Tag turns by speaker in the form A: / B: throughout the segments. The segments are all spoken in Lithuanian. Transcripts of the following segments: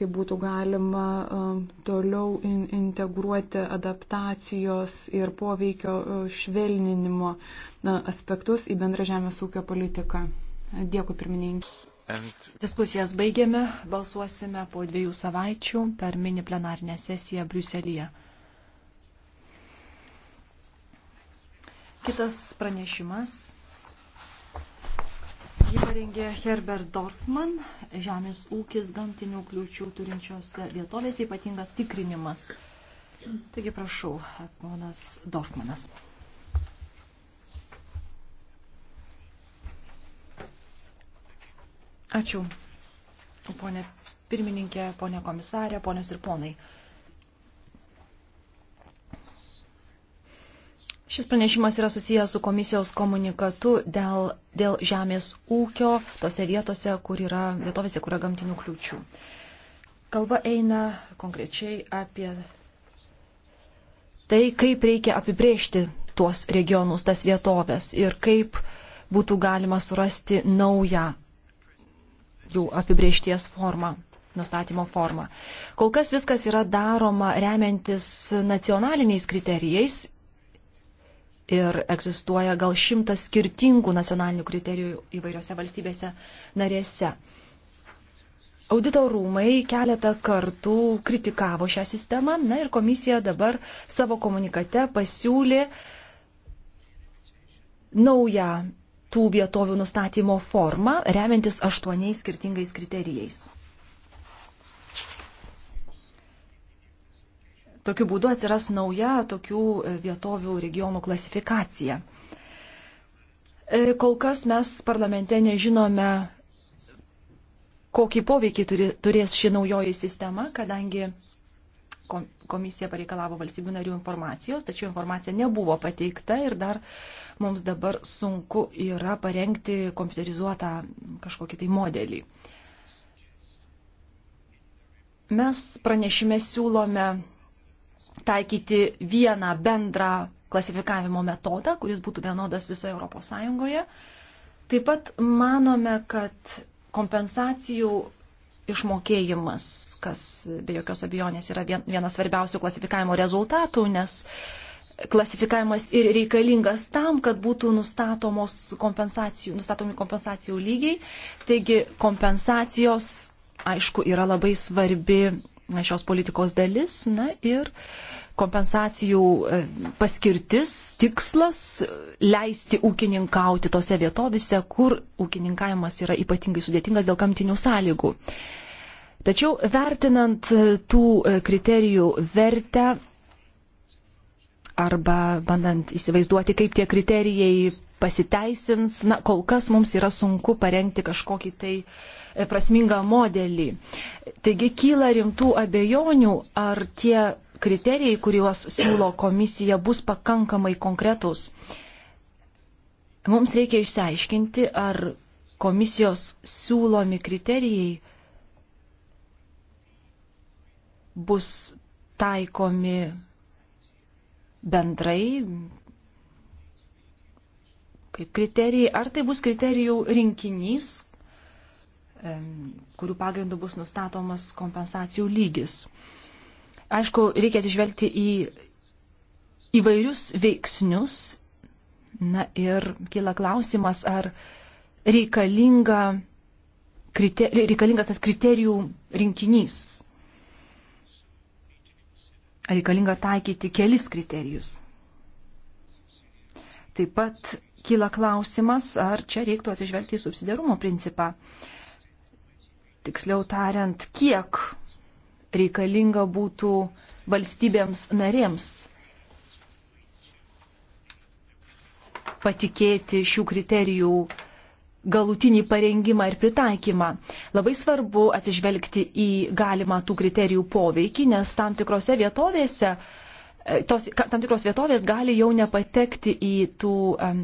A: kaip būtų galima um, toliau integruoti adaptacijos ir poveikio uh, švelninimo aspektus į bendrą žemės ūkio
B: politiką. Dėkui, pirmininkai. And... Diskusijas baigėme, balsuosime po dviejų savaičių per mini plenarinę sesiją Briuselyje. Kitas pranešimas parengė Herbert Dorfman, Žemės ūkis gamtinių kliūčių turinčiose vietovėse ypatingas tikrinimas. Taigi prašau, ponas Dorfmanas. Ačiū, ponė pirmininkė, ponė komisarė, ponės ir ponai. Šis pranešimas yra susijęs su komisijos komunikatu dėl, dėl žemės ūkio tose vietose, kur yra, vietovėse, kur yra gamtinių kliūčių. Kalba eina konkrečiai apie tai, kaip reikia apibrėžti tuos regionus, tas vietovės ir kaip būtų galima surasti naują jų apibrėžties formą nustatymo formą. Kol kas viskas yra daroma remiantis nacionaliniais kriterijais ir egzistuoja gal šimtas skirtingų nacionalinių kriterijų įvairiose valstybėse narėse. Audito rūmai keletą kartų kritikavo šią sistemą, na ir komisija dabar savo komunikate pasiūlė naują tų vietovių nustatymo formą, remiantis aštuoniais skirtingais kriterijais. Tokiu būdu atsiras nauja tokių e, vietovių regionų klasifikacija. E, kol kas mes parlamente nežinome, kokį poveikį turės ši naujoji sistema, kadangi komisija pareikalavo valstybių narių informacijos, tačiau informacija nebuvo pateikta ir dar mums dabar sunku yra parengti kompiuterizuotą kažkokį tai modelį. Mes pranešime siūlome taikyti vieną bendrą klasifikavimo metodą, kuris būtų vienodas visoje Europos Sąjungoje. Taip pat manome, kad kompensacijų išmokėjimas, kas be jokios abejonės yra vienas svarbiausių klasifikavimo rezultatų, nes klasifikavimas ir reikalingas tam, kad būtų nustatomos kompensacijų, nustatomi kompensacijų lygiai. Taigi kompensacijos, aišku, yra labai svarbi šios politikos dalis. Na ir kompensacijų e, paskirtis, tikslas e, - leisti ūkininkauti tose vietovėse, kur ūkininkavimas yra ypatingai sudėtingas dėl gamtinių sąlygų. Tačiau vertinant e, tų kriterijų vertę arba bandant įsivaizduoti, kaip tie kriterijai pasiteisins. Na, kol kas mums yra sunku parengti kažkokį tai e, prasmingą modelį. Taigi kyla rimtų abejonių, ar tie kriterijai, kuriuos siūlo komisija, bus pakankamai konkretūs. Mums reikia išsiaiškinti, ar komisijos siūlomi kriterijai bus taikomi bendrai, kaip kriterijai, ar tai bus kriterijų rinkinys, kurių pagrindų bus nustatomas kompensacijų lygis. Aišku, reikia atsižvelgti į įvairius veiksnius. Na ir kyla klausimas, ar reikalinga, kriter, reikalingas tas kriterijų rinkinys. Ar reikalinga taikyti kelis kriterijus. Taip pat kyla klausimas, ar čia reiktų atsižvelgti į subsidiarumo principą. Tiksliau tariant, kiek reikalinga būtų valstybėms narėms patikėti šių kriterijų galutinį parengimą ir pritaikymą. Labai svarbu atsižvelgti į galimą tų kriterijų poveikį, nes tam tikrose vietovėse, e, tos, tam tikros vietovės gali jau nepatekti į tų um,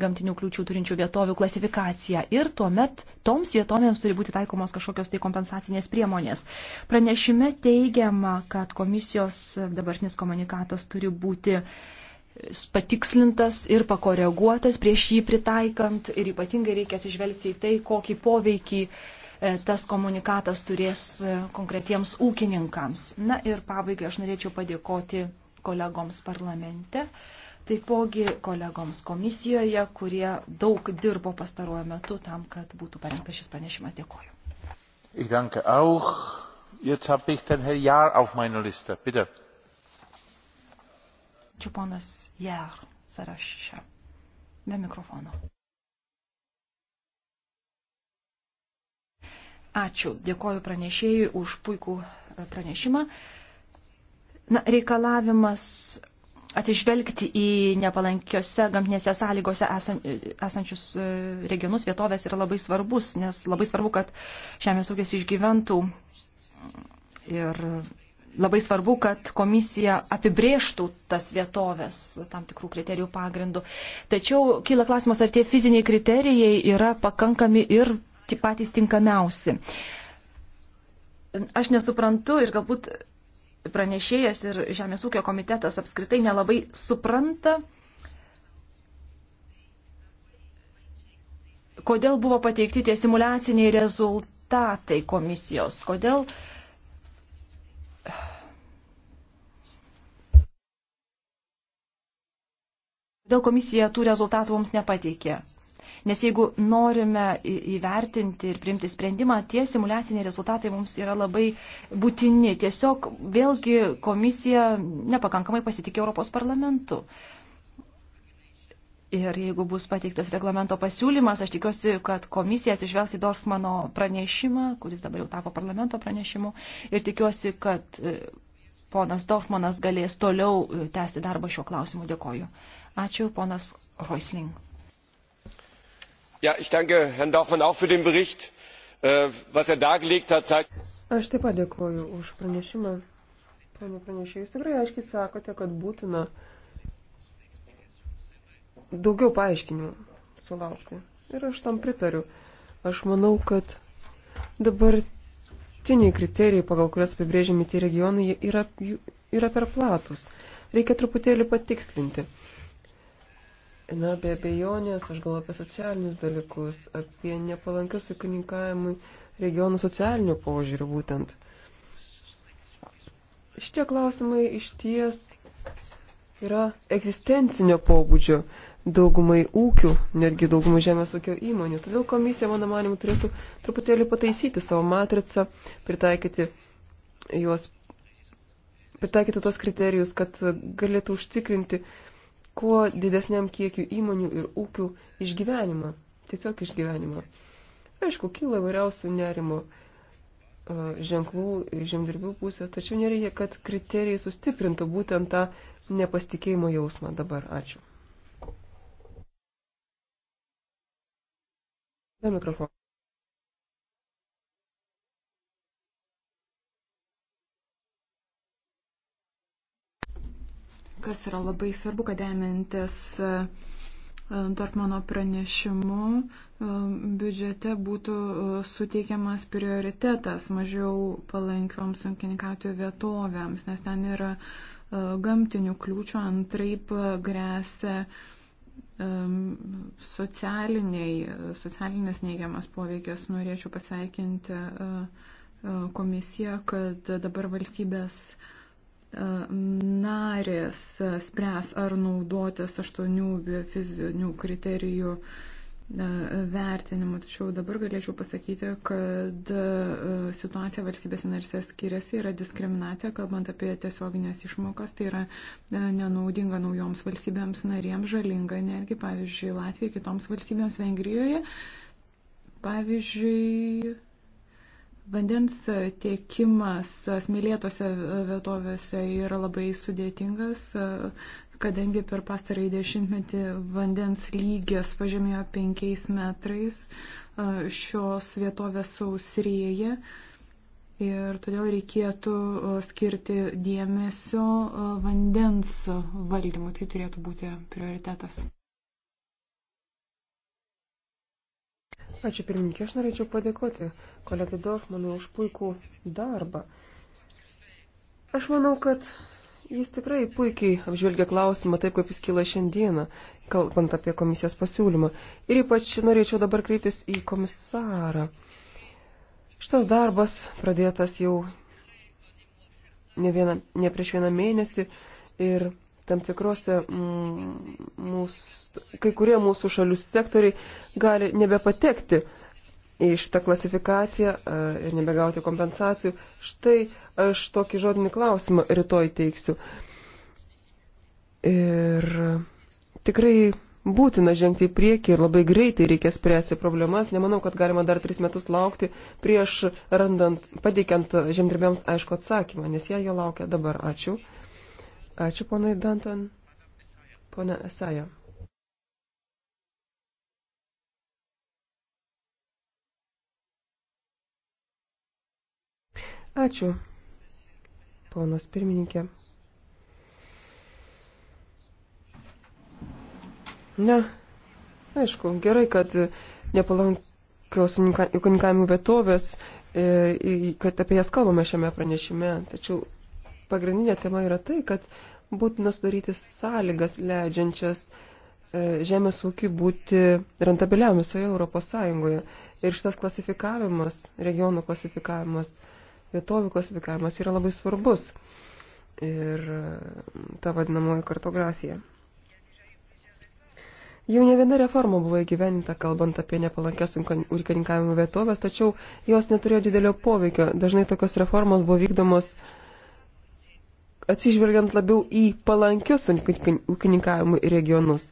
B: gamtinių kliūčių turinčių vietovių klasifikaciją ir tuomet toms vietovėms turi būti taikomos kažkokios tai kompensacinės priemonės. Pranešime teigiama, kad komisijos dabartinis komunikatas turi būti patikslintas ir pakoreguotas prieš jį pritaikant ir ypatingai reikia atsižvelgti į tai, kokį poveikį e, tas komunikatas turės e, konkretiems ūkininkams. Na ir pabaigai aš norėčiau padėkoti kolegoms parlamente taipogi kolegoms komisijoje, kurie daug dirbo pastaruoju metu tam, kad būtų parengtas šis pranešimas. Dėkoju.
C: Ich danke auch. Jetzt habe ich den Herr Jahr auf meiner Liste. Bitte.
B: Čia ponas Jahr sąraše. Be mikrofono. Ačiū. Dėkoju pranešėjui už puikų pranešimą. Na, reikalavimas atsižvelgti į nepalankiose gamtinėse sąlygose esan, esančius e, regionus, vietovės yra labai svarbus, nes labai svarbu, kad žemės ūkis išgyventų ir labai svarbu, kad komisija apibrėžtų tas vietovės tam tikrų kriterijų pagrindų. Tačiau kyla klausimas, ar tie fiziniai kriterijai yra pakankami ir patys tinkamiausi. Aš nesuprantu ir galbūt pranešėjas ir Žemės ūkio komitetas apskritai nelabai supranta, kodėl buvo pateikti tie simulaciniai rezultatai komisijos, kodėl Kodėl komisija tų rezultatų mums nepateikė? Nes jeigu norime įvertinti ir priimti sprendimą, tie simulaciniai rezultatai mums yra labai būtini. Tiesiog vėlgi komisija nepakankamai pasitikė Europos parlamentu. Ir jeigu bus pateiktas reglamento pasiūlymas, aš tikiuosi, kad komisijas išvelgs į Dorfmano pranešimą, kuris dabar jau tapo parlamento pranešimu. Ir tikiuosi, kad e, ponas Dorfmanas galės toliau e, tęsti darbą šiuo klausimu. Dėkoju. Ačiū, ponas Roisling
C: ich danke herrn dorfmann auch für den bericht. Äh, was er dargelegt hat zeigt. Aš taip pat dėkoju už pranešimą. Pane pranešėjai, jūs tikrai aiškiai sakote, kad būtina daugiau paaiškinimų sulaukti. Ir aš tam pritariu. Aš manau, kad dabartiniai kriterijai, pagal kurias apibrėžiami tie regionai, yra, yra per platus. Reikia truputėlį patikslinti. Na, be abejonės, aš galvoju apie socialinius dalykus, apie nepalankius ūkininkavimui regionų socialinių požiūrių būtent. Šitie klausimai iš ties yra egzistencinio pobūdžio daugumai ūkių, netgi daugumai žemės ūkio įmonių. Todėl komisija, mano manimu, turėtų truputėlį pataisyti savo matricą, pritaikyti juos pritaikyti tos kriterijus, kad galėtų užtikrinti kuo didesniam kiekiu įmonių ir ūkių išgyvenimą. Tiesiog išgyvenimą. Aišku, kyla vairiausių nerimo ženklų žemdirbių pusės, tačiau nereikia, kad kriterijai sustiprintų būtent tą nepasitikėjimo jausmą dabar. Ačiū. Mikrofoną. kas yra labai
A: svarbu, kad remiantis e, e, Dortmano pranešimu e, biudžete būtų suteikiamas prioritetas mažiau palankioms sunkininkauti vietovėms, nes ten yra gamtinių kliūčių, antraip grėsia socialiniai, socialinės neigiamas poveikis. Norėčiau pasveikinti komisiją, kad dabar valstybės uh, narės spręs ar naudotis aštuonių biofizinių kriterijų e, vertinimu. Tačiau dabar galėčiau pasakyti, kad e, situacija valstybės narse skiriasi, yra diskriminacija, kalbant apie tiesioginės išmokas, tai yra e, nenaudinga naujoms valstybėms narėms, žalinga netgi, pavyzdžiui, Latvijai, kitoms valstybėms Vengrijoje. Pavyzdžiui, Vandens tiekimas smėlėtose vietovėse yra labai sudėtingas, kadangi per pastarąjį dešimtmetį vandens lygis pažemėjo penkiais metrais, šios vietovės sausrėja ir todėl reikėtų skirti dėmesio vandens valdymui, tai
C: turėtų būti prioritetas. Ačiū pirmininkė, aš norėčiau padėkoti kolegai Dorfmanui už puikų darbą. Aš manau, kad jis tikrai puikiai apžvelgia klausimą taip, kaip jis kyla šiandieną, kalbant apie komisijos pasiūlymą. Ir ypač norėčiau dabar kreiptis į komisarą. Šitas darbas pradėtas jau ne, vieną, ne prieš vieną mėnesį ir tam tikrose mm, mūsų, kai kurie mūsų šalių sektoriai gali nebepatekti į šitą klasifikaciją e, ir nebegauti kompensacijų. Štai aš tokį žodinį klausimą rytoj teiksiu. Ir tikrai būtina žengti į priekį ir labai greitai reikia spręsti problemas. Nemanau, kad galima dar tris metus laukti prieš randant, pateikiant žemdirbėms aišku atsakymą, nes jie jo laukia dabar. Ačiū. Ačiū ponai Danton. Pone Esaja. Ačiū, ponas pirmininkė. Ne, aišku, gerai, kad nepalankios ūkininkavimo vietovės, e, kad apie jas kalbame šiame pranešime, tačiau pagrindinė tema yra tai, kad būtina sudaryti sąlygas leidžiančias e, žemės ūkiui būti rentabiliam visoje Europos Sąjungoje. Ir šitas klasifikavimas, regionų klasifikavimas, vietovių klasifikavimas yra labai svarbus. Ir e, ta vadinamoji kartografija. Jau ne viena reforma buvo įgyveninta, kalbant apie nepalankės ūkininkavimo vietovės, tačiau jos neturėjo didelio poveikio. Dažnai tokios reformos buvo vykdomos uh, atsižvelgiant labiau į palankius ūkininkavimui regionus.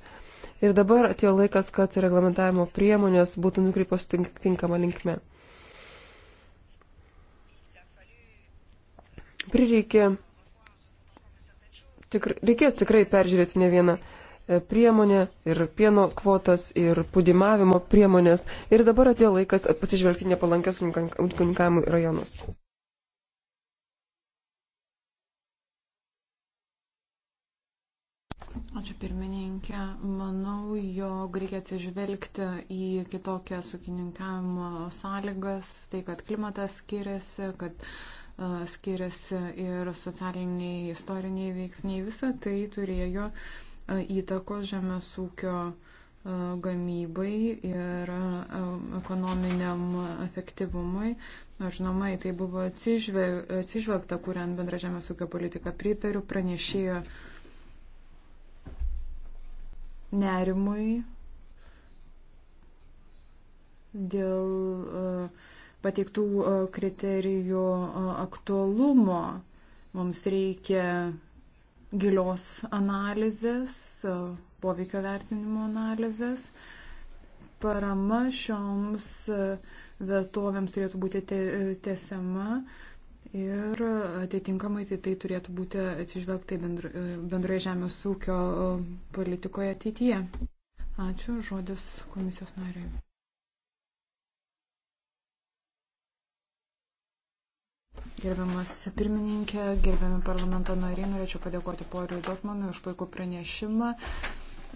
C: Ir dabar atėjo laikas, kad reglamentavimo priemonės būtų nukreipos tink, tinkama linkme. Prireikė, tikr, reikės tikrai peržiūrėti ne vieną e, priemonę ir pieno kvotas ir pudimavimo priemonės. Ir dabar atėjo laikas pasižvelgti nepalankias ūkininkavimui rajonus.
A: Ačiū pirmininkė. Manau, jog reikia atsižvelgti į kitokias sukininkavimo sąlygas, tai kad klimatas skiriasi, kad uh, skiriasi ir socialiniai, istoriniai veiksniai. Visa tai turėjo uh, įtakos žemės ūkio uh, gamybai ir uh, ekonominiam efektyvumui. Na, žinoma, tai buvo atsižvel, atsižvelgta, kuriant bendrą žemės ūkio politiką. Pritariu pranešėjo. Uh, nerimui dėl e, pateiktų e, kriterijų e, aktualumo. Mums reikia gilios analizės, poveikio vertinimo analizės. Parama šioms vietovėms turėtų būti tesiama. Te Ir atitinkamai tai, tai turėtų būti atsižvelgta bendrai žemės ūkio politikoje ateityje. Ačiū, žodis komisijos nariai. Gerbiamas pirmininkė, gerbiami parlamento nariai, norėčiau padėkoti poriui Dotmanui už puikų pranešimą.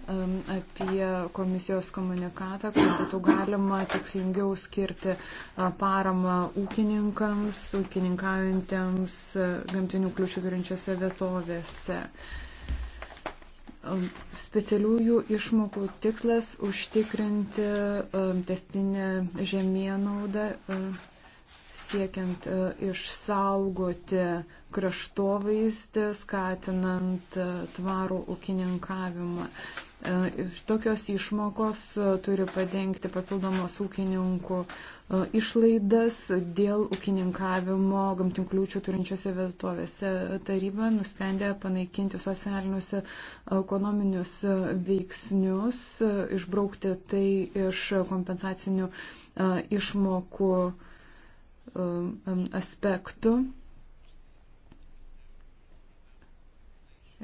A: Um, apie komisijos komunikatą, kad būtų galima tikslingiau skirti uh, paramą ūkininkams, ūkininkaujantiems uh, gamtinių kliūčių turinčiose vietovėse. Um, specialiųjų išmokų tikslas užtikrinti um, testinę žemėnaudą, uh, siekiant išsaugoti kraštovaizdį, skatinant tvarų ūkininkavimą. E, tokios išmokos e, turi padengti papildomos ūkininkų e, išlaidas dėl ūkininkavimo gamtinkliūčių turinčiose vietovėse. Taryba nusprendė panaikinti socialinius ekonominius veiksnius, išbraukti tai iš kompensacinių išmokų aspektų.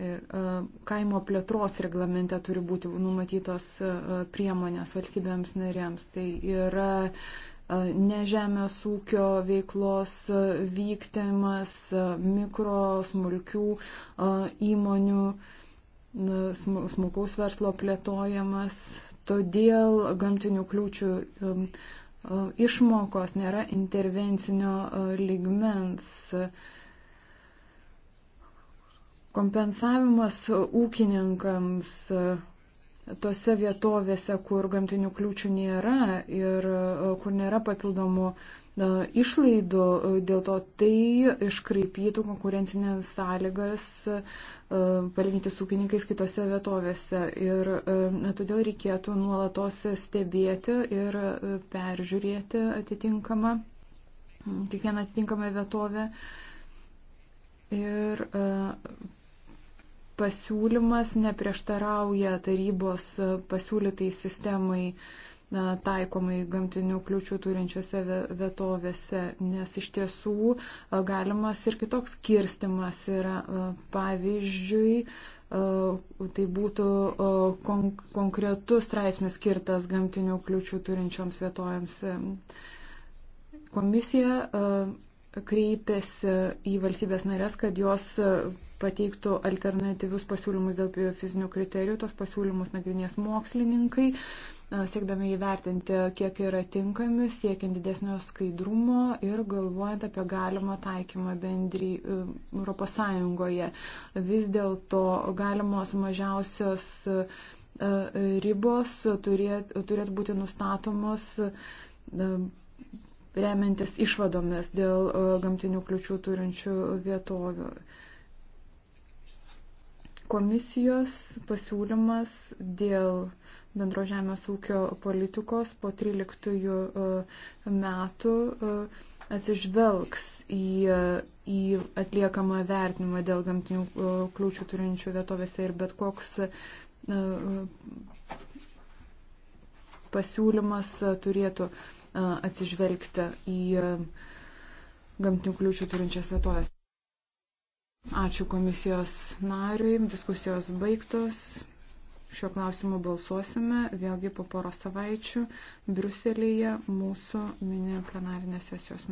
A: Ir e, kaimo plėtros reglamente turi būti numatytos e, priemonės valstybėms narėms. Tai yra e, ne žemės ūkio veiklos vyktimas, mikro, smulkių įmonių, smulkaus verslo plėtojamas. Todėl gamtinių kliūčių išmokos nėra intervencinio ligmens Kompensavimas ūkininkams e, tose vietovėse, kur gamtinių kliūčių nėra ir e, kur nėra papildomų e, išlaidų, dėl to tai iškraipytų konkurencinės sąlygas palyginti su ūkininkais kitose vietovėse. Ir todėl reikėtų nuolatos stebėti ir peržiūrėti atitinkamą, kiekvieną atitinkamą vietovę. Ir pasiūlymas neprieštarauja tarybos pasiūlytai sistemai taikomai gamtinių kliūčių turinčiose vietovėse, nes iš tiesų galimas ir kitoks kirstimas yra. Pavyzdžiui, tai būtų konkretus straipsnis skirtas gamtinių kliūčių turinčioms vietovėms. Komisija kreipėsi į valstybės narės, kad jos pateiktų alternatyvius pasiūlymus dėl biofizinių kriterijų, tos pasiūlymus nagrinės mokslininkai, siekdami įvertinti, kiek yra tinkami, siekiant didesnio skaidrumo ir galvojant apie galimą taikymą bendry e, Europos Sąjungoje. Vis dėlto galimos mažiausios e, ribos turėtų turėt būti nustatomos e, remiantis išvadomis dėl gamtinių kliučių turinčių vietovių. Komisijos pasiūlymas dėl bendro žemės ūkio politikos po 13 e, metų e, atsižvelgs į, į atliekamą vertinimą dėl gamtinių e, kliūčių turinčių vietovėse ir bet koks pasiūlymas turėtų atsižvelgti į gamtinių kliūčių turinčias vietovės. Ačiū komisijos nariui. Diskusijos baigtos. Šiuo klausimu balsuosime vėlgi po poros savaičių Briuselėje mūsų mini plenarinės sesijos metu.